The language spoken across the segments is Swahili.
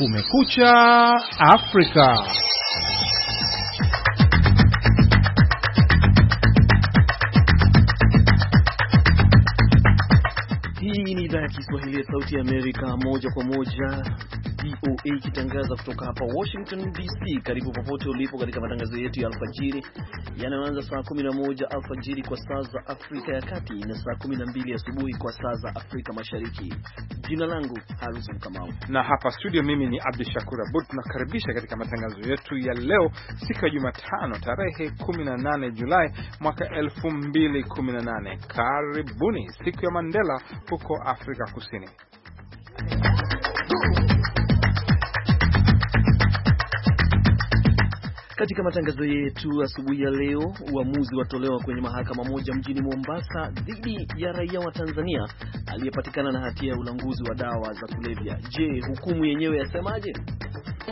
Kumekucha Afrika. Hii ni idhaa ya Kiswahili ya Sauti ya Amerika, moja kwa moja VOA ikitangaza kutoka hapa Washington DC. Karibu popote ulipo katika matangazo yetu ya alfajiri yanayoanza saa 11 alfajiri kwa saa za Afrika ya Kati na saa 12 asubuhi kwa saa za Afrika Mashariki. Jina langu Harrison Kamau, na hapa studio mimi ni Abdu Shakur Abud. Tunakaribisha katika matangazo yetu ya leo, siku ya Jumatano tarehe 18 Julai mwaka 2018. Karibuni siku ya Mandela huko Afrika Kusini. Katika matangazo yetu asubuhi ya leo, uamuzi watolewa kwenye mahakama moja mjini Mombasa dhidi ya raia wa Tanzania aliyepatikana na hatia ya ulanguzi wa dawa za kulevya. Je, hukumu yenyewe yasemaje?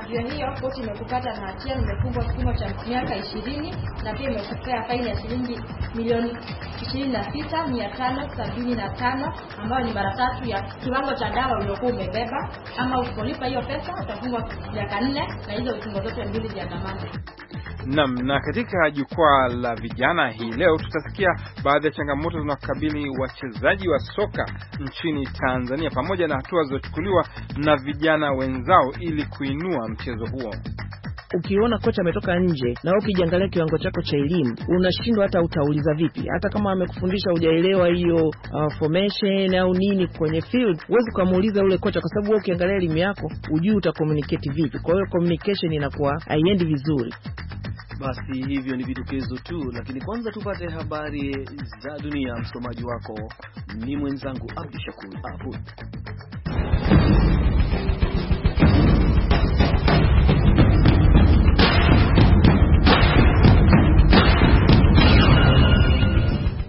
Hivyo hiyo koti imekupata na hatia, nimefungwa kifungo cha miaka ishirini na pia imekupea faini ya shilingi milioni ishirini na sita mia tano sabini na tano ambayo ni mara tatu ya kiwango cha dawa uliokuwa umebeba. Ama usipolipa hiyo pesa utafungwa miaka nne na hizo vifungo zote mbili vya dhamana. Naam, na katika jukwaa la vijana hii leo tutasikia baadhi ya changamoto zinazokabili wachezaji wa soka nchini Tanzania pamoja na hatua zilizochukuliwa na vijana wenzao ili kuinua mchezo huo ukiona kocha ametoka nje na wewe ukijiangalia kiwango chako cha elimu unashindwa hata utauliza vipi, hata kama amekufundisha hujaelewa hiyo uh, formation au nini kwenye field, huwezi ukamuuliza ule kocha, kwa sababu wewe ukiangalia elimu yako hujui utakomuniketi vipi. Kwa hiyo communication inakuwa haiendi vizuri. Basi hivyo ni vidokezo tu, lakini kwanza tupate habari za dunia. Msomaji wako ni mwenzangu shakur Abud.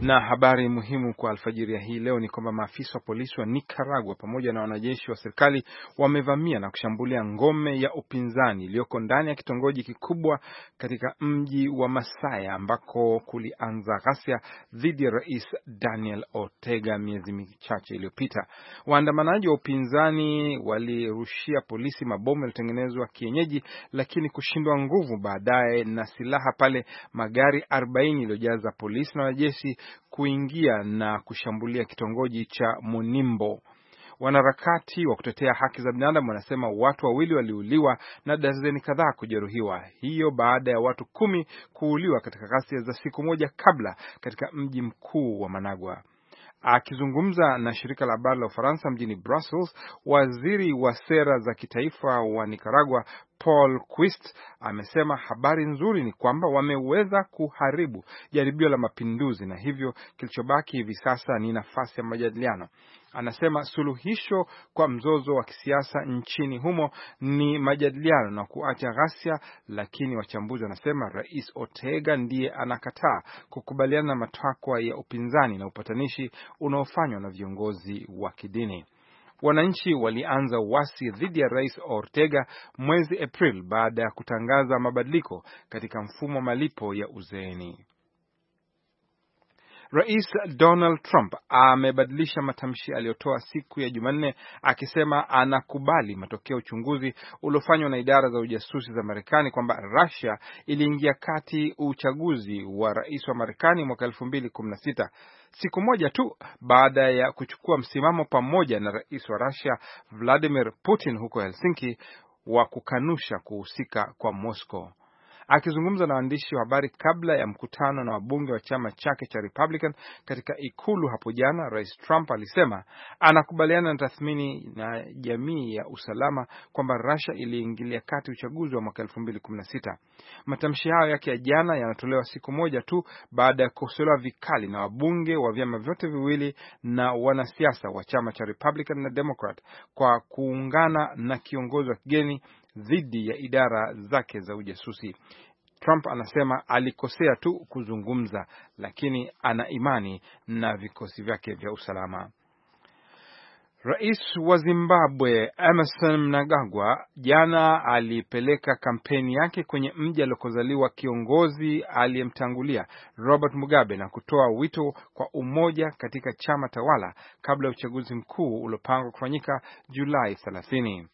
Na habari muhimu kwa alfajiri ya hii leo ni kwamba maafisa wa polisi wa Nicaragua pamoja na wanajeshi wa serikali wamevamia na kushambulia ngome ya upinzani iliyoko ndani ya kitongoji kikubwa katika mji wa Masaya ambako kulianza ghasia dhidi ya Rais Daniel Ortega miezi michache iliyopita. Waandamanaji wa upinzani walirushia polisi mabomu yaliotengenezwa kienyeji, lakini kushindwa nguvu baadaye na silaha pale magari 40 iliyojaza polisi na wanajeshi kuingia na kushambulia kitongoji cha Munimbo. Wanaharakati wa kutetea haki za binadamu wanasema watu wawili waliuliwa na dazeni kadhaa kujeruhiwa, hiyo baada ya watu kumi kuuliwa katika ghasia za siku moja kabla katika mji mkuu wa Managua. Akizungumza na shirika la habari la Ufaransa mjini Brussels, waziri wa sera za kitaifa wa Nicaragua Paul Quist amesema habari nzuri ni kwamba wameweza kuharibu jaribio la mapinduzi na hivyo kilichobaki hivi sasa ni nafasi ya majadiliano. Anasema suluhisho kwa mzozo wa kisiasa nchini humo ni majadiliano na kuacha ghasia, lakini wachambuzi wanasema Rais Ortega ndiye anakataa kukubaliana na matakwa ya upinzani na upatanishi unaofanywa na viongozi wa kidini. Wananchi walianza uasi dhidi ya Rais Ortega mwezi april baada ya kutangaza mabadiliko katika mfumo wa malipo ya uzeeni. Rais Donald Trump amebadilisha matamshi aliyotoa siku ya Jumanne akisema anakubali matokeo ya uchunguzi uliofanywa na idara za ujasusi za Marekani kwamba Russia iliingia kati uchaguzi wa rais wa Marekani mwaka sita siku moja tu baada ya kuchukua msimamo pamoja na rais wa Russia Vladimir Putin huko Helsinki wa kukanusha kuhusika kwa Moscow. Akizungumza na waandishi wa habari kabla ya mkutano na wabunge wa chama chake cha Republican katika ikulu hapo jana, Rais Trump alisema anakubaliana na tathmini na jamii ya usalama kwamba Russia iliingilia kati uchaguzi wa mwaka 2016. Matamshi hayo yake ya jana yanatolewa siku moja tu baada ya kukosolewa vikali na wabunge wa vyama vyote viwili na wanasiasa wa chama cha Republican na Democrat kwa kuungana na kiongozi wa kigeni dhidi ya idara zake za ujasusi. Trump anasema alikosea tu kuzungumza, lakini ana imani na vikosi vyake vya usalama. Rais wa Zimbabwe Emerson Mnangagwa jana alipeleka kampeni yake kwenye mji alikozaliwa kiongozi aliyemtangulia Robert Mugabe na kutoa wito kwa umoja katika chama tawala kabla ya uchaguzi mkuu uliopangwa kufanyika Julai 30.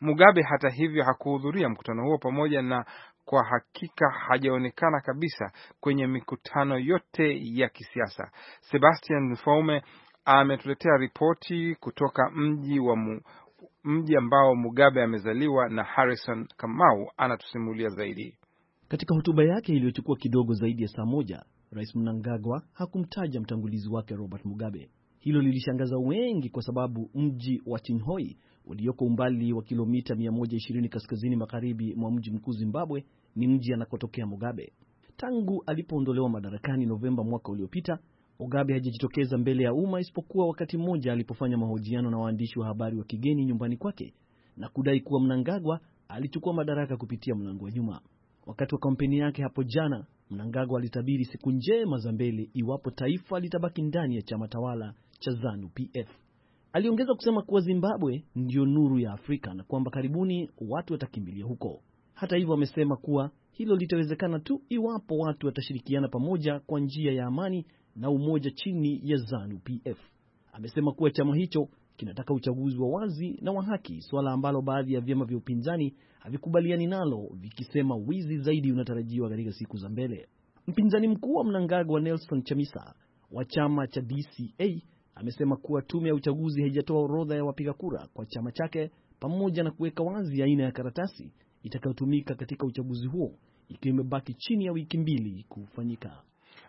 Mugabe hata hivyo hakuhudhuria mkutano huo pamoja na kwa hakika hajaonekana kabisa kwenye mikutano yote ya kisiasa. Sebastian Faume ametuletea ripoti kutoka mji wa mu, mji ambao Mugabe amezaliwa, na Harrison Kamau anatusimulia zaidi. Katika hotuba yake iliyochukua kidogo zaidi ya saa moja, Rais Mnangagwa hakumtaja mtangulizi wake Robert Mugabe. Hilo lilishangaza wengi kwa sababu mji wa Chinhoi ulioko umbali wa kilomita 120 kaskazini magharibi mwa mji mkuu Zimbabwe. Ni mji anakotokea Mugabe. Tangu alipoondolewa madarakani Novemba mwaka uliopita, Mugabe hajajitokeza mbele ya umma isipokuwa wakati mmoja alipofanya mahojiano na waandishi wa habari wa kigeni nyumbani kwake na kudai kuwa Mnangagwa alichukua madaraka kupitia mlango wa nyuma. Wakati wa kampeni yake hapo jana, Mnangagwa alitabiri siku njema za mbele iwapo taifa litabaki ndani ya chama tawala cha Zanu PF. Aliongeza kusema kuwa Zimbabwe ndiyo nuru ya Afrika na kwamba karibuni watu watakimbilia huko. Hata hivyo, amesema kuwa hilo litawezekana tu iwapo watu watashirikiana pamoja kwa njia ya amani na umoja chini ya ZANU PF. Amesema kuwa chama hicho kinataka uchaguzi wa wazi na wa haki, suala ambalo baadhi ya vyama vya upinzani havikubaliani nalo, vikisema wizi zaidi unatarajiwa katika siku za mbele. Mpinzani mkuu wa Mnangagwa Nelson Chamisa wa chama cha DCA amesema kuwa tume ya uchaguzi haijatoa orodha ya wapiga kura kwa chama chake pamoja na kuweka wazi aina ya karatasi itakayotumika katika uchaguzi huo ikiwa imebaki chini ya wiki mbili kufanyika.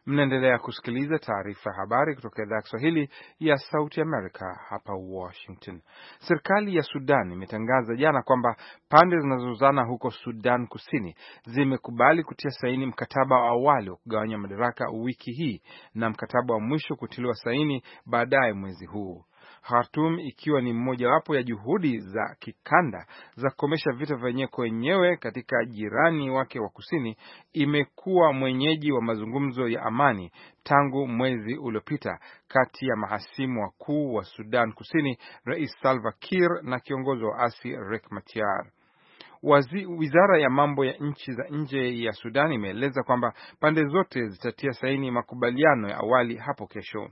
Mnaendelea kusikiliza taarifa ya habari kutoka idhaa ya Kiswahili ya Sauti Amerika, hapa Washington. Serikali ya Sudan imetangaza jana kwamba pande zinazozana huko Sudan Kusini zimekubali kutia saini mkataba wa awali wa kugawanya madaraka wiki hii na mkataba wa mwisho kutiliwa saini baadaye mwezi huu. Khartoum ikiwa ni mojawapo ya juhudi za kikanda za kukomesha vita vyenyewe kwa wenyewe katika jirani wake wa kusini, imekuwa mwenyeji wa mazungumzo ya amani tangu mwezi uliopita kati ya mahasimu wakuu wa Sudan Kusini, Rais Salva Kiir na kiongozi wa waasi Riek Machar. Wazi, wizara ya mambo ya nchi za nje ya Sudan imeeleza kwamba pande zote zitatia saini makubaliano ya awali hapo kesho.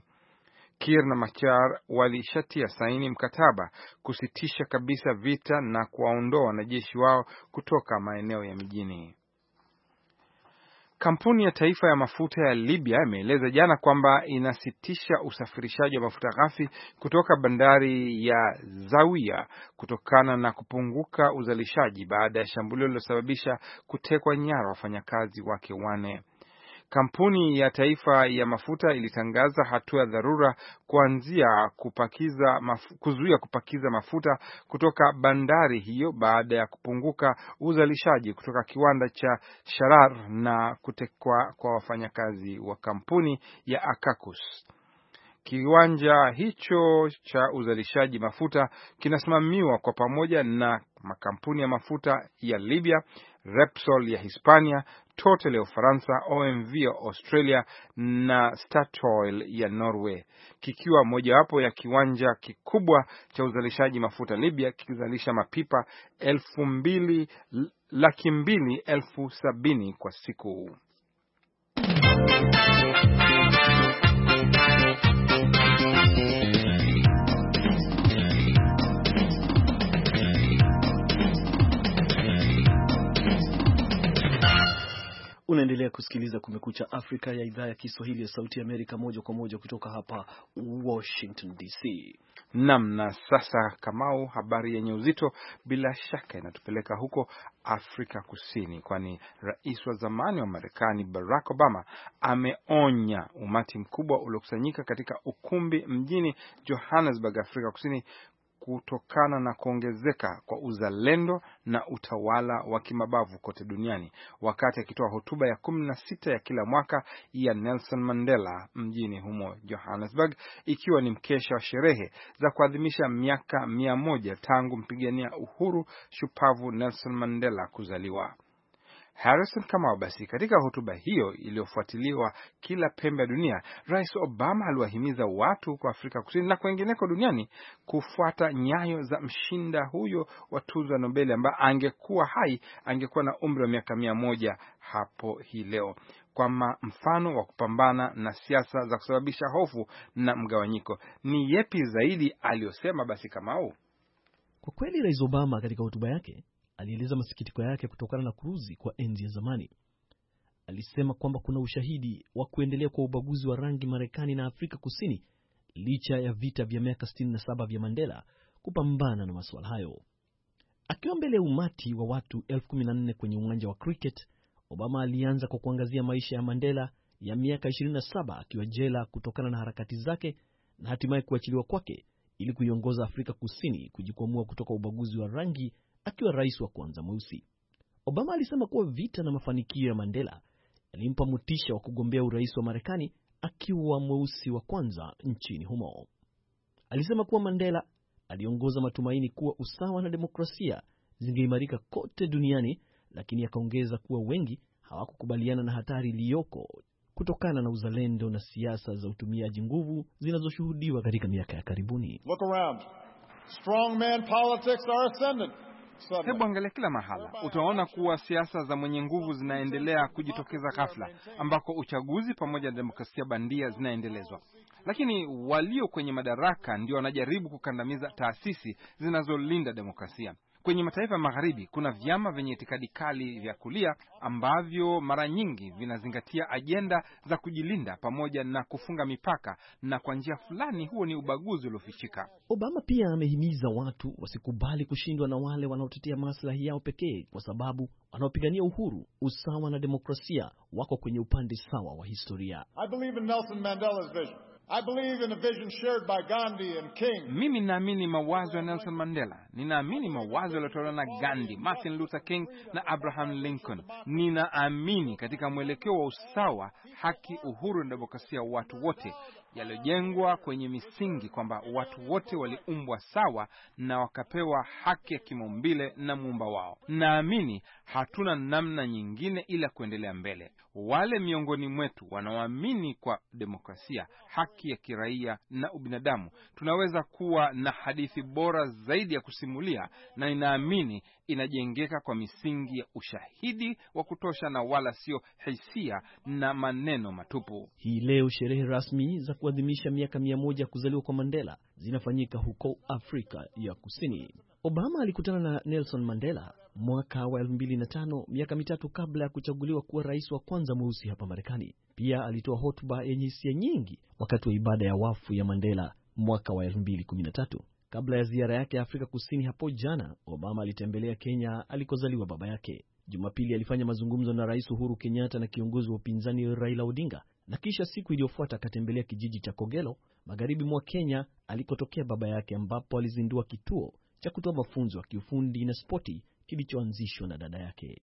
Kiir na Machar walishatia saini mkataba kusitisha kabisa vita na kuwaondoa wanajeshi wao kutoka maeneo ya mijini Kampuni ya taifa ya mafuta ya Libya imeeleza jana kwamba inasitisha usafirishaji wa mafuta ghafi kutoka bandari ya Zawiya kutokana na kupunguka uzalishaji baada ya shambulio lililosababisha kutekwa nyara wafanyakazi wake wane. Kampuni ya taifa ya mafuta ilitangaza hatua ya dharura kuanzia kupakiza maf kuzuia kupakiza mafuta kutoka bandari hiyo baada ya kupunguka uzalishaji kutoka kiwanda cha Sharar na kutekwa kwa wafanyakazi wa kampuni ya Akakus. Kiwanja hicho cha uzalishaji mafuta kinasimamiwa kwa pamoja na makampuni ya mafuta ya Libya, Repsol ya Hispania Total ya Ufaransa, OMV ya Australia na Statoil ya Norway, kikiwa mojawapo ya kiwanja kikubwa cha uzalishaji mafuta Libya, kikizalisha mapipa elfu mbili laki mbili elfu sabini kwa siku. Unaendelea kusikiliza Kumekucha Afrika ya idhaa ya Kiswahili ya Sauti Amerika, moja kwa moja kutoka hapa Washington DC. Naam, na sasa, Kamau, habari yenye uzito bila shaka inatupeleka huko Afrika Kusini, kwani rais wa zamani wa Marekani Barack Obama ameonya umati mkubwa uliokusanyika katika ukumbi mjini Johannesburg, Afrika Kusini kutokana na kuongezeka kwa uzalendo na utawala wa kimabavu kote duniani, wakati akitoa hotuba ya kumi na sita ya kila mwaka ya Nelson Mandela mjini humo Johannesburg, ikiwa ni mkesha wa sherehe za kuadhimisha miaka mia moja tangu mpigania uhuru shupavu Nelson Mandela kuzaliwa. Harrison Kamau. Basi katika hotuba hiyo iliyofuatiliwa kila pembe ya dunia, Rais Obama aliwahimiza watu huko Afrika Kusini na kwengineko duniani kufuata nyayo za mshinda huyo wa tuzo ya Nobeli ambaye angekuwa hai, angekuwa na umri wa miaka mia moja hapo hii leo kwama mfano wa kupambana na siasa za kusababisha hofu na mgawanyiko ni yepi zaidi aliyosema. Basi Kamau, kwa kweli Rais Obama katika hotuba yake alieleza masikitiko yake kutokana na kuruzi kwa enzi ya zamani. Alisema kwamba kuna ushahidi wa kuendelea kwa ubaguzi wa rangi Marekani na Afrika Kusini licha ya vita vya miaka 67 vya Mandela kupambana na masuala hayo. Akiwa mbele ya umati wa watu elfu kwenye uwanja wa cricket, Obama alianza kwa kuangazia maisha ya Mandela ya miaka 27 akiwa jela kutokana na harakati zake na hatimaye kuachiliwa kwake ili kuiongoza Afrika Kusini kujikwamua kutoka ubaguzi wa rangi akiwa rais wa kwanza mweusi. Obama alisema kuwa vita na mafanikio ya Mandela yalimpa mutisha wa kugombea urais wa Marekani akiwa mweusi wa kwanza nchini humo. Alisema kuwa Mandela aliongoza matumaini kuwa usawa na demokrasia zingeimarika kote duniani, lakini akaongeza kuwa wengi hawakukubaliana na hatari iliyoko kutokana na uzalendo na siasa za utumiaji nguvu zinazoshuhudiwa katika miaka ya karibuni. Look around. politics are ascendant. Hebu angalia kila mahala, utaona kuwa siasa za mwenye nguvu zinaendelea kujitokeza ghafla, ambako uchaguzi pamoja na demokrasia bandia zinaendelezwa. Lakini walio kwenye madaraka ndio wanajaribu kukandamiza taasisi zinazolinda demokrasia. Kwenye mataifa ya magharibi kuna vyama vyenye itikadi kali vya kulia ambavyo mara nyingi vinazingatia ajenda za kujilinda pamoja na kufunga mipaka, na kwa njia fulani huo ni ubaguzi uliofichika. Obama pia amehimiza watu wasikubali kushindwa na wale wana wanaotetea maslahi yao pekee, kwa sababu wanaopigania uhuru, usawa na demokrasia wako kwenye upande sawa wa historia. I believe in Nelson Mandela's vision. I believe in a vision shared by Gandhi and King. Mimi ninaamini mawazo ya Nelson Mandela, ninaamini mawazo yaliyotolewa na Gandhi, Martin Luther King na Abraham Lincoln. Ninaamini katika mwelekeo wa usawa, haki, uhuru na demokrasia wa watu wote yaliyojengwa kwenye misingi kwamba watu wote waliumbwa sawa na wakapewa haki ya kimaumbile na muumba wao. Naamini hatuna namna nyingine ila kuendelea mbele wale miongoni mwetu wanaoamini kwa demokrasia, haki ya kiraia na ubinadamu, tunaweza kuwa na hadithi bora zaidi ya kusimulia, na ninaamini inajengeka kwa misingi ya ushahidi wa kutosha na wala sio hisia na maneno matupu. Hii leo sherehe rasmi za kuadhimisha miaka mia moja kuzaliwa kwa Mandela zinafanyika huko Afrika ya Kusini. Obama alikutana na Nelson Mandela mwaka wa 2005 miaka mitatu kabla ya kuchaguliwa kuwa rais wa kwanza mweusi hapa Marekani. Pia alitoa hotuba yenye hisia nyingi wakati wa ibada ya wafu ya Mandela mwaka wa 2013. Kabla ya ziara yake ya Afrika Kusini hapo jana, Obama alitembelea Kenya alikozaliwa baba yake. Jumapili alifanya mazungumzo na Rais Uhuru Kenyatta na kiongozi wa upinzani Raila Odinga na kisha siku iliyofuata akatembelea kijiji cha Kogelo magharibi mwa Kenya alikotokea baba yake, ambapo alizindua kituo cha kutoa mafunzo ya kiufundi na spoti kilichoanzishwa na dada yake.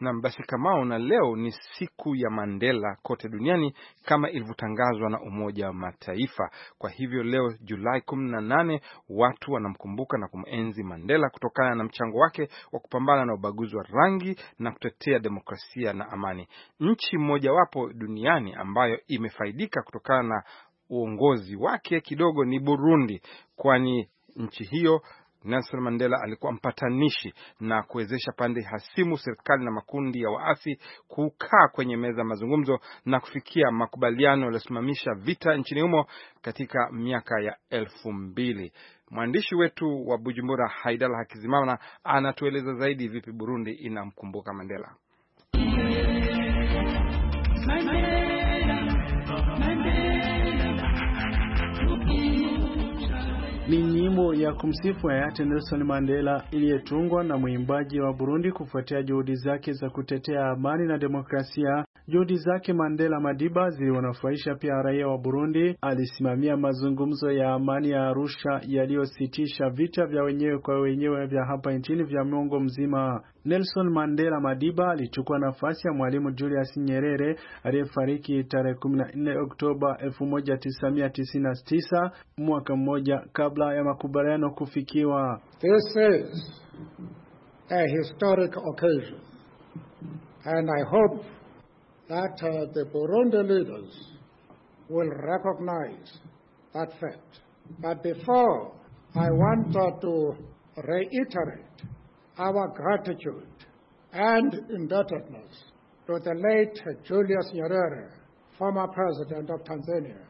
Nam basi Kamao, na leo ni siku ya Mandela kote duniani kama ilivyotangazwa na Umoja wa Mataifa. Kwa hivyo leo Julai kumi na nane watu wanamkumbuka na kumenzi Mandela kutokana na mchango wake wa kupambana na ubaguzi wa rangi na kutetea demokrasia na amani. Nchi mmojawapo duniani ambayo imefaidika kutokana na uongozi wake kidogo ni Burundi, kwani nchi hiyo Nelson Mandela alikuwa mpatanishi na kuwezesha pande hasimu, serikali na makundi ya waasi kukaa kwenye meza mazungumzo na kufikia makubaliano yaliyosimamisha vita nchini humo katika miaka ya elfu mbili. Mwandishi wetu wa Bujumbura, Haidala Hakizimana, anatueleza zaidi vipi Burundi inamkumbuka Mandela. ya kumsifu hayati Nelson Mandela iliyetungwa na mwimbaji wa Burundi kufuatia juhudi zake za kutetea amani na demokrasia Juhudi zake Mandela Madiba ziliwanafurahisha pia raia wa Burundi. Alisimamia mazungumzo ya amani ya Arusha yaliyositisha vita vya wenyewe kwa wenyewe vya hapa nchini vya mwongo mzima. Nelson Mandela Madiba alichukua nafasi ya Mwalimu Julius Nyerere aliyefariki tarehe 14 Oktoba 1999, mwaka mmoja kabla ya makubaliano kufikiwa. This is a historic occasion and I hope that uh, the Burundi leaders will recognize that fact. But before, I want uh, to reiterate our gratitude and indebtedness to the late Julius Nyerere, former president of Tanzania.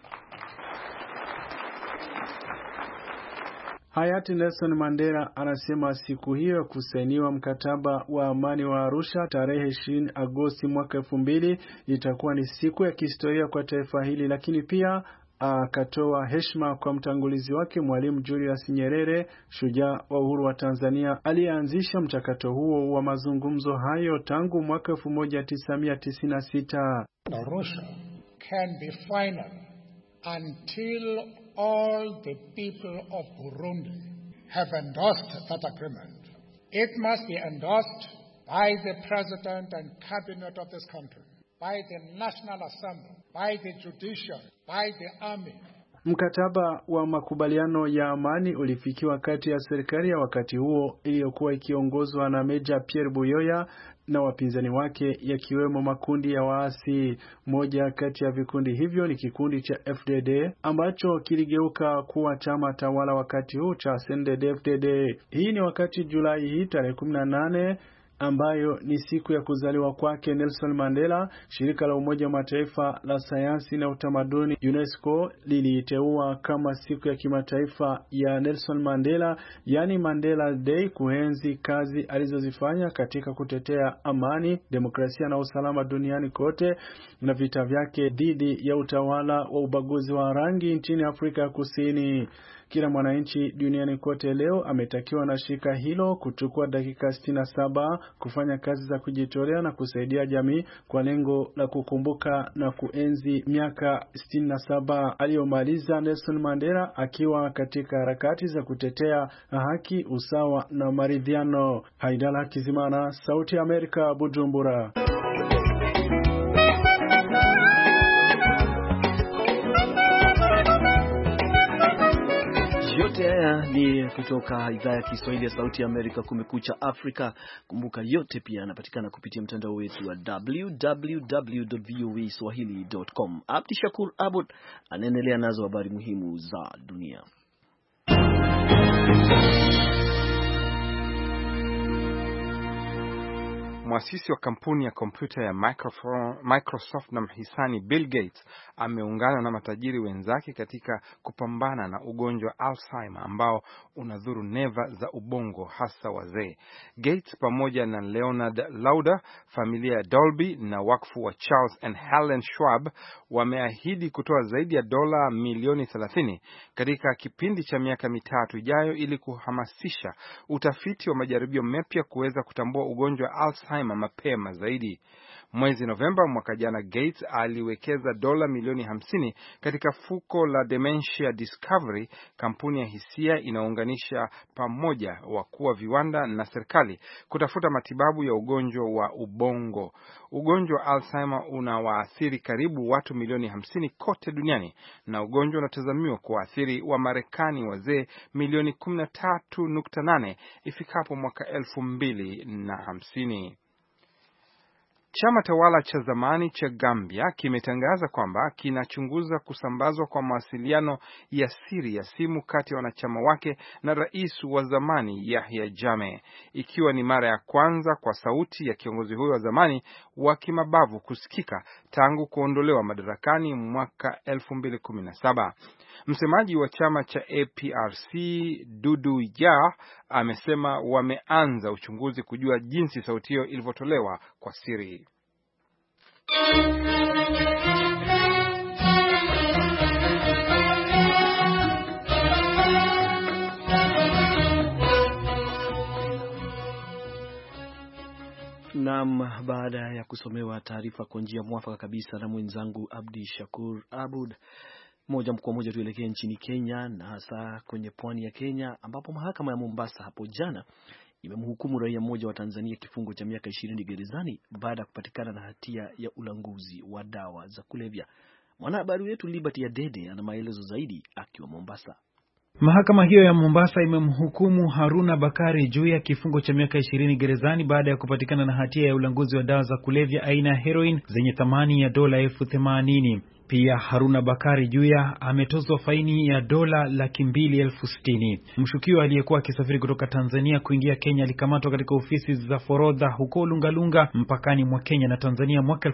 Hayati Nelson Mandela anasema siku hiyo ya kusainiwa mkataba wa amani wa Arusha tarehe 20 Agosti mwaka 2000 itakuwa ni siku ya kihistoria kwa taifa hili, lakini pia ah, akatoa heshima kwa mtangulizi wake Mwalimu Julius Nyerere, shujaa wa uhuru wa Tanzania, aliyeanzisha mchakato huo wa mazungumzo hayo tangu mwaka 1996. Arusha can be final until all the people of Burundi have endorsed that agreement. It must be endorsed by the President and Cabinet of this country, by the National Assembly, by the judiciary, by the army. Mkataba wa makubaliano ya amani ulifikiwa kati ya serikali ya wakati huo iliyokuwa ikiongozwa na Meja Pierre Buyoya na wapinzani wake yakiwemo makundi ya waasi. Moja kati ya vikundi hivyo ni kikundi cha FDD ambacho kiligeuka kuwa chama tawala wakati huu cha CNDD-FDD. Hii ni wakati Julai hii tarehe 18 ambayo ni siku ya kuzaliwa kwake Nelson Mandela, shirika la Umoja wa Mataifa la sayansi na utamaduni UNESCO liliiteua kama siku ya kimataifa ya Nelson Mandela, yani Mandela Day, kuenzi kazi alizozifanya katika kutetea amani, demokrasia na usalama duniani kote na vita vyake dhidi ya utawala wa ubaguzi wa rangi nchini Afrika ya Kusini. Kila mwananchi duniani kote leo ametakiwa na shirika hilo kuchukua dakika 67 kufanya kazi za kujitolea na kusaidia jamii kwa lengo la kukumbuka na kuenzi miaka 67 aliyomaliza Nelson Mandela akiwa katika harakati za kutetea haki, usawa na maridhiano. Haidala Kizimana, Sauti ya Amerika, Bujumbura. ni kutoka idhaa ya Kiswahili ya Sauti ya Amerika, Kumekucha Afrika. Kumbuka yote pia yanapatikana kupitia mtandao wetu wa www voa swahili.com. Abdi Shakur Abud anaendelea nazo habari muhimu za dunia. mwasisi wa kampuni ya kompyuta ya Microsoft na mhisani Bill Gates ameungana na matajiri wenzake katika kupambana na ugonjwa wa Alzheimer ambao unadhuru neva za ubongo hasa wazee. Gates pamoja na Leonard Lauder, familia ya Dolby na wakfu wa Charles and Helen Schwab wameahidi kutoa zaidi ya dola milioni 30 katika kipindi cha miaka mitatu ijayo ili kuhamasisha utafiti wa majaribio mapya kuweza kutambua ugonjwa wa Alzheimer Oppenheimer mapema zaidi. Mwezi Novemba mwaka jana, Gates aliwekeza dola milioni 50 katika fuko la Dementia Discovery, kampuni ya hisia inayounganisha pamoja wakuu wa viwanda na serikali kutafuta matibabu ya ugonjwa wa ubongo. Ugonjwa wa Alzheimer unawaathiri karibu watu milioni 50 kote duniani na ugonjwa unatazamiwa kuwaathiri wa Marekani wazee milioni 13.8 ifikapo mwaka 2050. Chama tawala cha zamani cha Gambia kimetangaza kwamba kinachunguza kusambazwa kwa mawasiliano ya siri ya simu kati ya wanachama wake na rais wa zamani Yahya Jammeh, ikiwa ni mara ya kwanza kwa sauti ya kiongozi huyo wa zamani wa kimabavu kusikika tangu kuondolewa madarakani mwaka 2017. Msemaji wa chama cha APRC Dudu Ya amesema wameanza uchunguzi kujua jinsi sauti hiyo ilivyotolewa kwa siri. Nam, baada ya kusomewa taarifa kwa njia mwafaka kabisa na mwenzangu Abdi Shakur Abud, moja kwa moja tuelekee nchini Kenya na hasa kwenye pwani ya Kenya ambapo mahakama ya Mombasa hapo jana imemhukumu raia mmoja wa Tanzania kifungo cha miaka ishirini gerezani baada ya kupatikana na hatia ya ulanguzi wa dawa za kulevya. Mwanahabari wetu Liberty Adede ana maelezo zaidi akiwa Mombasa. Mahakama hiyo ya Mombasa imemhukumu Haruna Bakari juu ya kifungo cha miaka ishirini gerezani baada ya kupatikana na hatia ya ulanguzi wa dawa za kulevya aina ya heroin zenye thamani ya dola elfu themanini. Pia Haruna Bakari Juya ametozwa faini ya dola laki mbili elfu sitini. Mshukiwa aliyekuwa akisafiri kutoka Tanzania kuingia Kenya alikamatwa katika ofisi za forodha huko Lungalunga mpakani mwa Kenya na Tanzania mwaka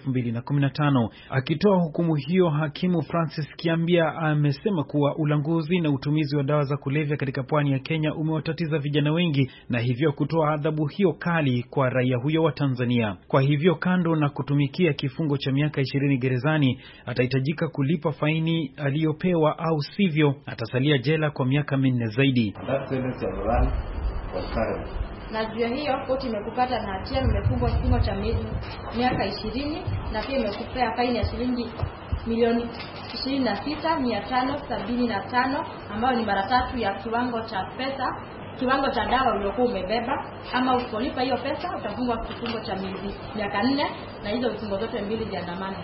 tano. Akitoa hukumu hiyo, hakimu Francis Kiambia amesema kuwa ulanguzi na utumizi wa dawa za kulevya katika pwani ya Kenya umewatatiza vijana wengi na hivyo kutoa adhabu hiyo kali kwa raia huyo wa Tanzania. Kwa hivyo, kando na kutumikia kifungo cha miaka ishirini gerezani ataita atahitajika kulipa faini aliyopewa au sivyo atasalia jela kwa miaka minne zaidi. Na juu ya hiyo koti imekupata na hatia, imefungwa kifungo cha miezi miaka ishirini na pia imekupea faini ya shilingi milioni 26,575 ambayo ni mara tatu ya kiwango cha pesa kiwango cha dawa uliokuwa umebeba. Ama usipolipa hiyo pesa utafungwa kifungo cha miezi miaka nne, na hizo vifungo zote mbili dhamana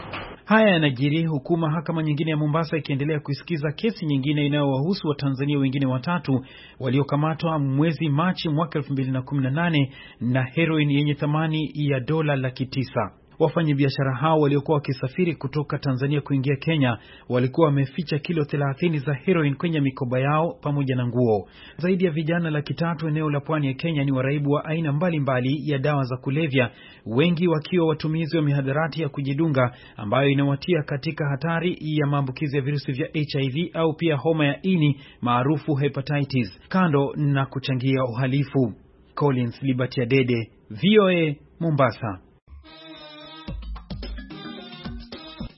Haya yanajiri huku mahakama nyingine ya Mombasa ikiendelea kuisikiza kesi nyingine inayowahusu Watanzania wengine watatu waliokamatwa mwezi Machi mwaka 2018 na heroin yenye thamani ya dola laki tisa. Wafanyabiashara hao waliokuwa wakisafiri kutoka Tanzania kuingia Kenya walikuwa wameficha kilo 30 za heroin kwenye mikoba yao pamoja na nguo. Zaidi ya vijana laki tatu eneo la pwani ya Kenya ni waraibu wa aina mbalimbali mbali ya dawa za kulevya, wengi wakiwa watumizi wa mihadharati ya kujidunga ambayo inawatia katika hatari ya maambukizi ya virusi vya HIV au pia homa ya ini maarufu hepatitis, kando na kuchangia uhalifu. Collins Liberty Adede, VOA Mombasa.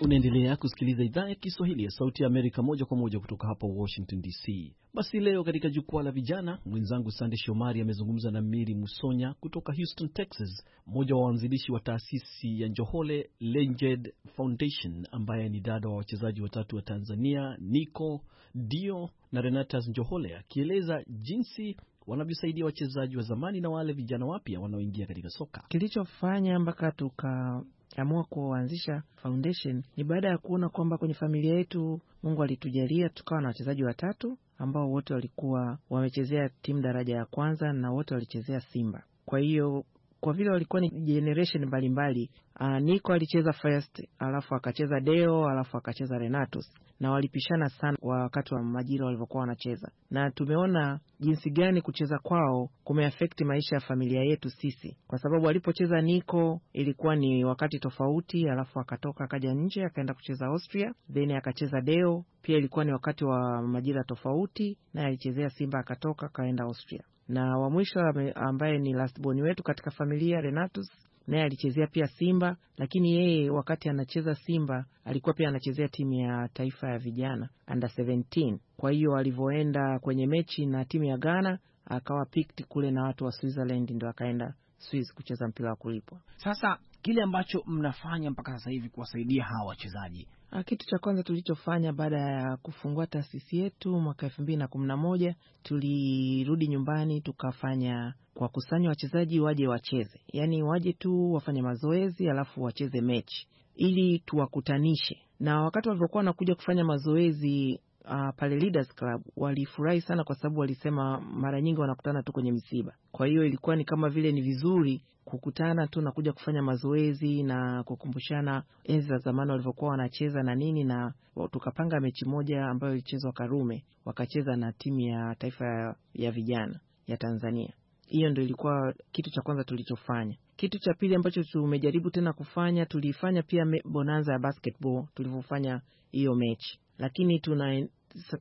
Unaendelea kusikiliza idhaa ya Kiswahili ya Sauti ya Amerika moja kwa moja kutoka hapa Washington DC. Basi leo katika jukwaa la vijana, mwenzangu Sande Shomari amezungumza na Miri Musonya kutoka Houston, Texas, mmoja wa waanzilishi wa taasisi ya Njohole Lenged Foundation, ambaye ni dada wa wachezaji watatu wa Tanzania, Nico Dio na Renatas Njohole, akieleza jinsi wanavyosaidia wachezaji wa zamani na wale vijana wapya wanaoingia katika soka. Kilichofanya mpaka tuka amua kuanzisha foundation ni baada ya kuona kwamba kwenye familia yetu Mungu alitujalia tukawa na wachezaji watatu ambao wote walikuwa wamechezea timu daraja ya kwanza na wote walichezea Simba. Kwa hiyo kwa vile walikuwa ni generation mbalimbali mbali. Ah, alicheza first, alafu akacheza Deo, alafu akacheza Renatus na walipishana sana wakati wa majira walivyokuwa wanacheza, na tumeona jinsi gani kucheza kwao kumeafekti maisha ya familia yetu sisi, kwa sababu alipocheza niko ilikuwa ni wakati tofauti, alafu akatoka akaja nje akaenda kucheza Austria, then akacheza Deo pia ilikuwa ni wakati wa majira tofauti, naye alichezea Simba akatoka akaenda Austria na wa mwisho ambaye ni lastborn wetu katika familia Renatus naye alichezea pia Simba, lakini yeye wakati anacheza Simba alikuwa pia anachezea timu ya taifa ya vijana under 17. Kwa hiyo alivyoenda kwenye mechi na timu ya Ghana akawa picked kule na watu wa Switzerland, ndo akaenda Swiss kucheza mpira wa kulipwa. Sasa kile ambacho mnafanya mpaka sasa hivi kuwasaidia hawa wachezaji Ah, kitu cha kwanza tulichofanya baada ya kufungua taasisi yetu mwaka elfu mbili na kumi na moja tulirudi nyumbani tukafanya kwa kusanya wachezaji waje wacheze, yaani waje tu wafanye mazoezi alafu wacheze mechi ili tuwakutanishe. Na wakati walivyokuwa wanakuja kufanya mazoezi uh, pale Leaders Club walifurahi sana, kwa sababu walisema mara nyingi wanakutana tu kwenye misiba. Kwa hiyo ilikuwa ni kama vile ni vizuri kukutana tu na kuja kufanya mazoezi na kukumbushana enzi za zamani walivyokuwa wanacheza na nini, na tukapanga mechi moja ambayo ilichezwa Karume, wakacheza na timu ya taifa ya, ya vijana ya Tanzania. Hiyo ndo ilikuwa kitu cha kwanza tulichofanya. Kitu cha pili ambacho tumejaribu tena kufanya, tulifanya pia bonanza ya basketball tulivyofanya hiyo mechi lakini tuna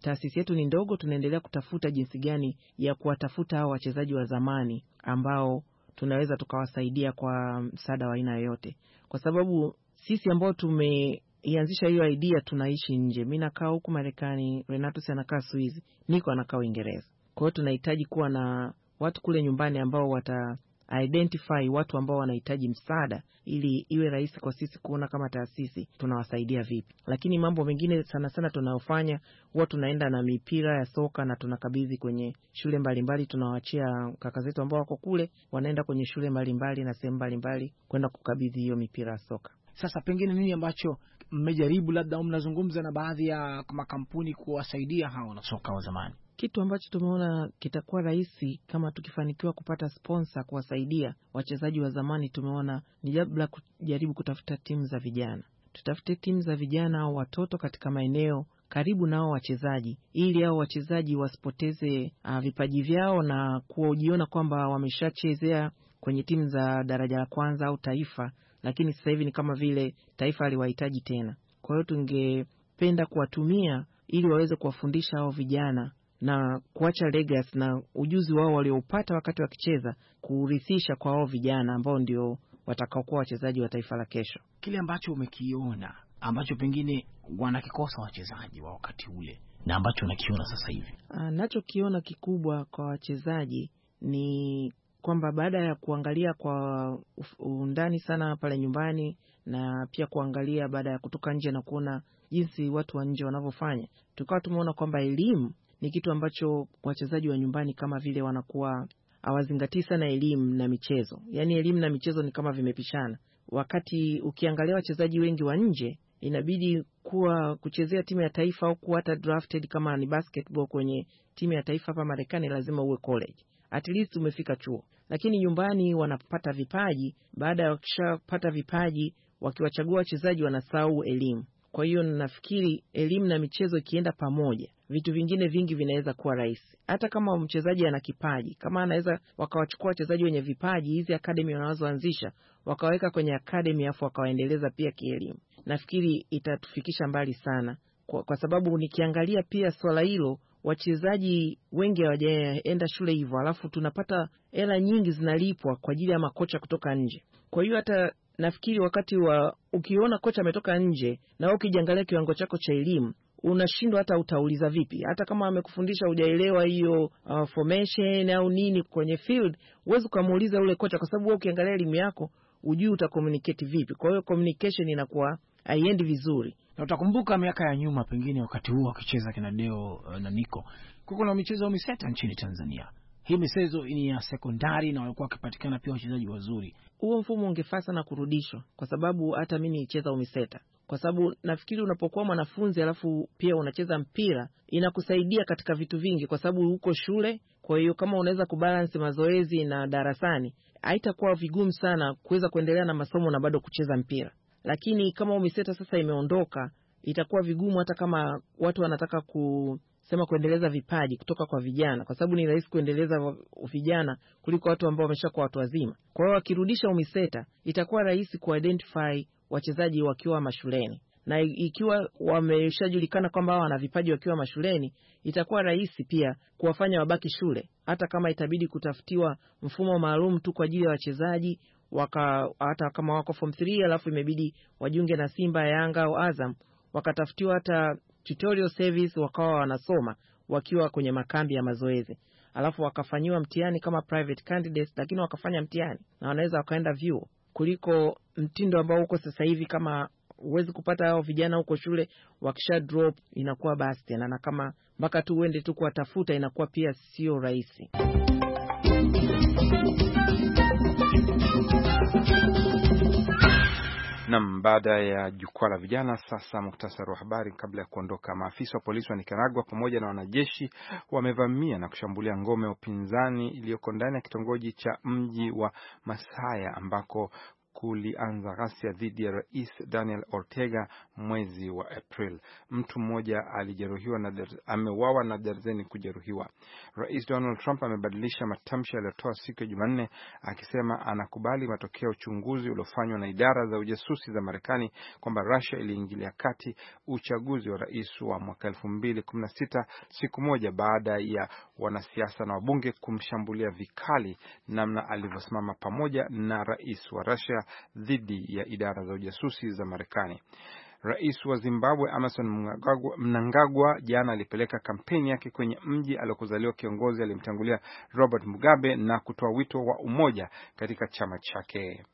taasisi yetu ni ndogo, tunaendelea kutafuta jinsi gani ya kuwatafuta hao wachezaji wa zamani ambao tunaweza tukawasaidia kwa msaada wa aina yoyote, kwa sababu sisi ambao tumeianzisha hiyo idea tunaishi nje. Mi nakaa huku Marekani, Renatus anakaa Swizi, niko anakaa Uingereza. Kwa hiyo tunahitaji kuwa na watu kule nyumbani ambao wata identify watu ambao wanahitaji msaada, ili iwe rahisi kwa sisi kuona kama taasisi tunawasaidia vipi. Lakini mambo mengine sana sana tunayofanya huwa tunaenda na mipira ya soka na tunakabidhi kwenye shule mbalimbali, tunawaachia kaka zetu ambao wako kule, wanaenda kwenye shule mbalimbali na sehemu mbalimbali kwenda kukabidhi hiyo mipira ya soka. Sasa pengine nini ambacho mmejaribu labda, au mnazungumza na baadhi ya makampuni kuwasaidia hawa wanasoka wa zamani? kitu ambacho tumeona kitakuwa rahisi kama tukifanikiwa kupata sponsa kuwasaidia wachezaji wa zamani. Tumeona ni jambo kujaribu kutafuta timu za vijana, tutafute timu za vijana au watoto katika maeneo karibu nao wachezaji, ili hao wachezaji wasipoteze uh, vipaji vyao na kujiona kwamba wameshachezea kwenye timu za daraja la kwanza au taifa, lakini sasa hivi ni kama vile taifa aliwahitaji tena. Kwa hiyo tungependa kuwatumia ili waweze kuwafundisha hao vijana na kuacha legacy na ujuzi wao walioupata wakati wakicheza kurithisha kwa wao vijana ambao ndio watakaokuwa wachezaji wa taifa la kesho. Kile ambacho umekiona ambacho pengine wanakikosa wachezaji wa wakati ule na ambacho unakiona sasa hivi? Ah, nachokiona kikubwa kwa wachezaji ni kwamba baada ya kuangalia kwa undani sana pale nyumbani na pia kuangalia baada ya kutoka nje na kuona jinsi watu wa nje wanavyofanya, tukawa tumeona kwamba elimu ni kitu ambacho wachezaji wa nyumbani kama vile wanakuwa hawazingatii sana elimu na michezo. Yaani elimu na michezo ni kama vimepishana, wakati ukiangalia wachezaji wengi wa nje inabidi kuwa kuchezea timu ya taifa au kuwa hata drafted kama ni basketball kwenye timu ya taifa hapa Marekani lazima uwe college, at least umefika chuo. Lakini nyumbani wanapata vipaji, baada ya wakishapata vipaji, wakiwachagua wachezaji wanasahau elimu. Kwa hiyo nafikiri elimu na michezo ikienda pamoja, vitu vingine vingi vinaweza kuwa rahisi. Hata kama mchezaji ana kipaji, kama anaweza wakawachukua wachezaji wenye vipaji, hizi akademi wanazoanzisha wakaweka kwenye akademi, afu wakawaendeleza pia kielimu, nafikiri itatufikisha mbali sana, kwa, kwa sababu nikiangalia pia swala hilo wachezaji wengi hawajaenda shule hivyo, alafu tunapata hela nyingi zinalipwa kwa ajili ya makocha kutoka nje. Kwa hiyo hata nafikiri wakati wa ukiona kocha ametoka nje na wewe ukijiangalia kiwango chako cha elimu unashindwa hata utauliza vipi, hata kama amekufundisha hujaelewa hiyo uh, formation au nini kwenye field, huwezi ukamuuliza yule kocha, kwa sababu wewe ukiangalia elimu yako ujui utakomuniketi vipi. Kwa hiyo communication inakuwa haiendi vizuri, na utakumbuka miaka ya nyuma, pengine wakati huo akicheza kinadeo uh, na Niko, kuko na michezo ya miseta nchini Tanzania hii michezo ni ya sekondari na walikuwa wakipatikana pia wachezaji wazuri. Huo mfumo ungefaa sana kurudishwa, kwa sababu hata mi niicheza umiseta, kwa sababu nafikiri unapokuwa mwanafunzi alafu pia unacheza mpira inakusaidia katika vitu vingi, kwa sababu uko shule. Kwa hiyo kama unaweza kubalansi mazoezi na darasani, haitakuwa vigumu sana kuweza kuendelea na masomo na bado kucheza mpira. Lakini kama umiseta sasa imeondoka, itakuwa vigumu hata kama watu wanataka ku sema kuendeleza vipaji kutoka kwa vijana, kwa sababu ni rahisi kuendeleza vijana kuliko watu ambao wameshakuwa watu wazima. Kwa hiyo wakirudisha UMISETA itakuwa rahisi kuidentify wachezaji wakiwa mashuleni na ikiwa wameshajulikana kwamba wana vipaji wakiwa mashuleni, itakuwa rahisi pia kuwafanya wabaki shule, hata kama itabidi kutafutiwa mfumo maalum tu kwa ajili ya wachezaji waka, hata kama wako form 3 alafu imebidi wajiunge na Simba, Yanga au Azam, wakatafutiwa hata tutorial service wakawa wanasoma wakiwa kwenye makambi ya mazoezi alafu wakafanyiwa mtihani kama private candidates, lakini wakafanya mtihani na wanaweza wakaenda vyuo kuliko mtindo ambao huko sasa hivi. Kama huwezi kupata hao vijana huko shule, wakisha drop inakuwa basi tena, na kama mpaka tu uende tu kuwatafuta inakuwa pia sio rahisi. Nam, baada ya jukwaa la vijana, sasa muktasari wa habari kabla ya kuondoka. Maafisa wa polisi wa Nikaragua pamoja na wanajeshi wamevamia na kushambulia ngome ya upinzani iliyoko ndani ya kitongoji cha mji wa Masaya ambako kulianza ghasia dhidi ya rais Daniel Ortega mwezi wa April. Mtu mmoja alijeruhiwa na ameuawa na darzeni kujeruhiwa. Rais Donald Trump amebadilisha matamshi aliyotoa siku ya Jumanne akisema anakubali matokeo ya uchunguzi uliofanywa na idara za ujasusi za Marekani kwamba Russia iliingilia kati uchaguzi wa rais wa mwaka sita siku moja baada ya wanasiasa na wabunge kumshambulia vikali namna alivyosimama pamoja na rais wa Russia dhidi ya idara za ujasusi za Marekani. Rais wa Zimbabwe Emerson Mnangagwa jana alipeleka kampeni yake kwenye mji aliokuzaliwa kiongozi aliyemtangulia Robert Mugabe na kutoa wito wa umoja katika chama chake.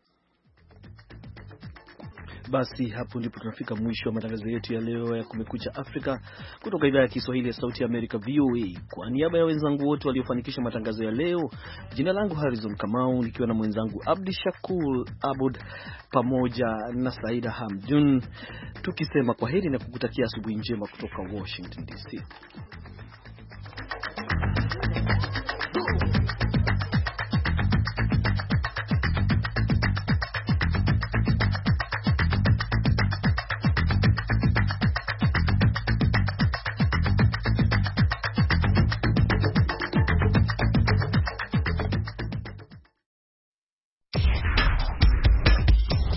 Basi hapo ndipo tunafika mwisho wa matangazo yetu ya leo ya Kumekucha Afrika kutoka idhaa ya Kiswahili ya Sauti ya Amerika, VOA. Kwa niaba ya wenzangu wote waliofanikisha matangazo ya leo, jina langu Harrison Kamau nikiwa na mwenzangu Abdi Shakur Abud pamoja na Saida Hamdun, tukisema kwa heri na kukutakia asubuhi njema kutoka Washington DC.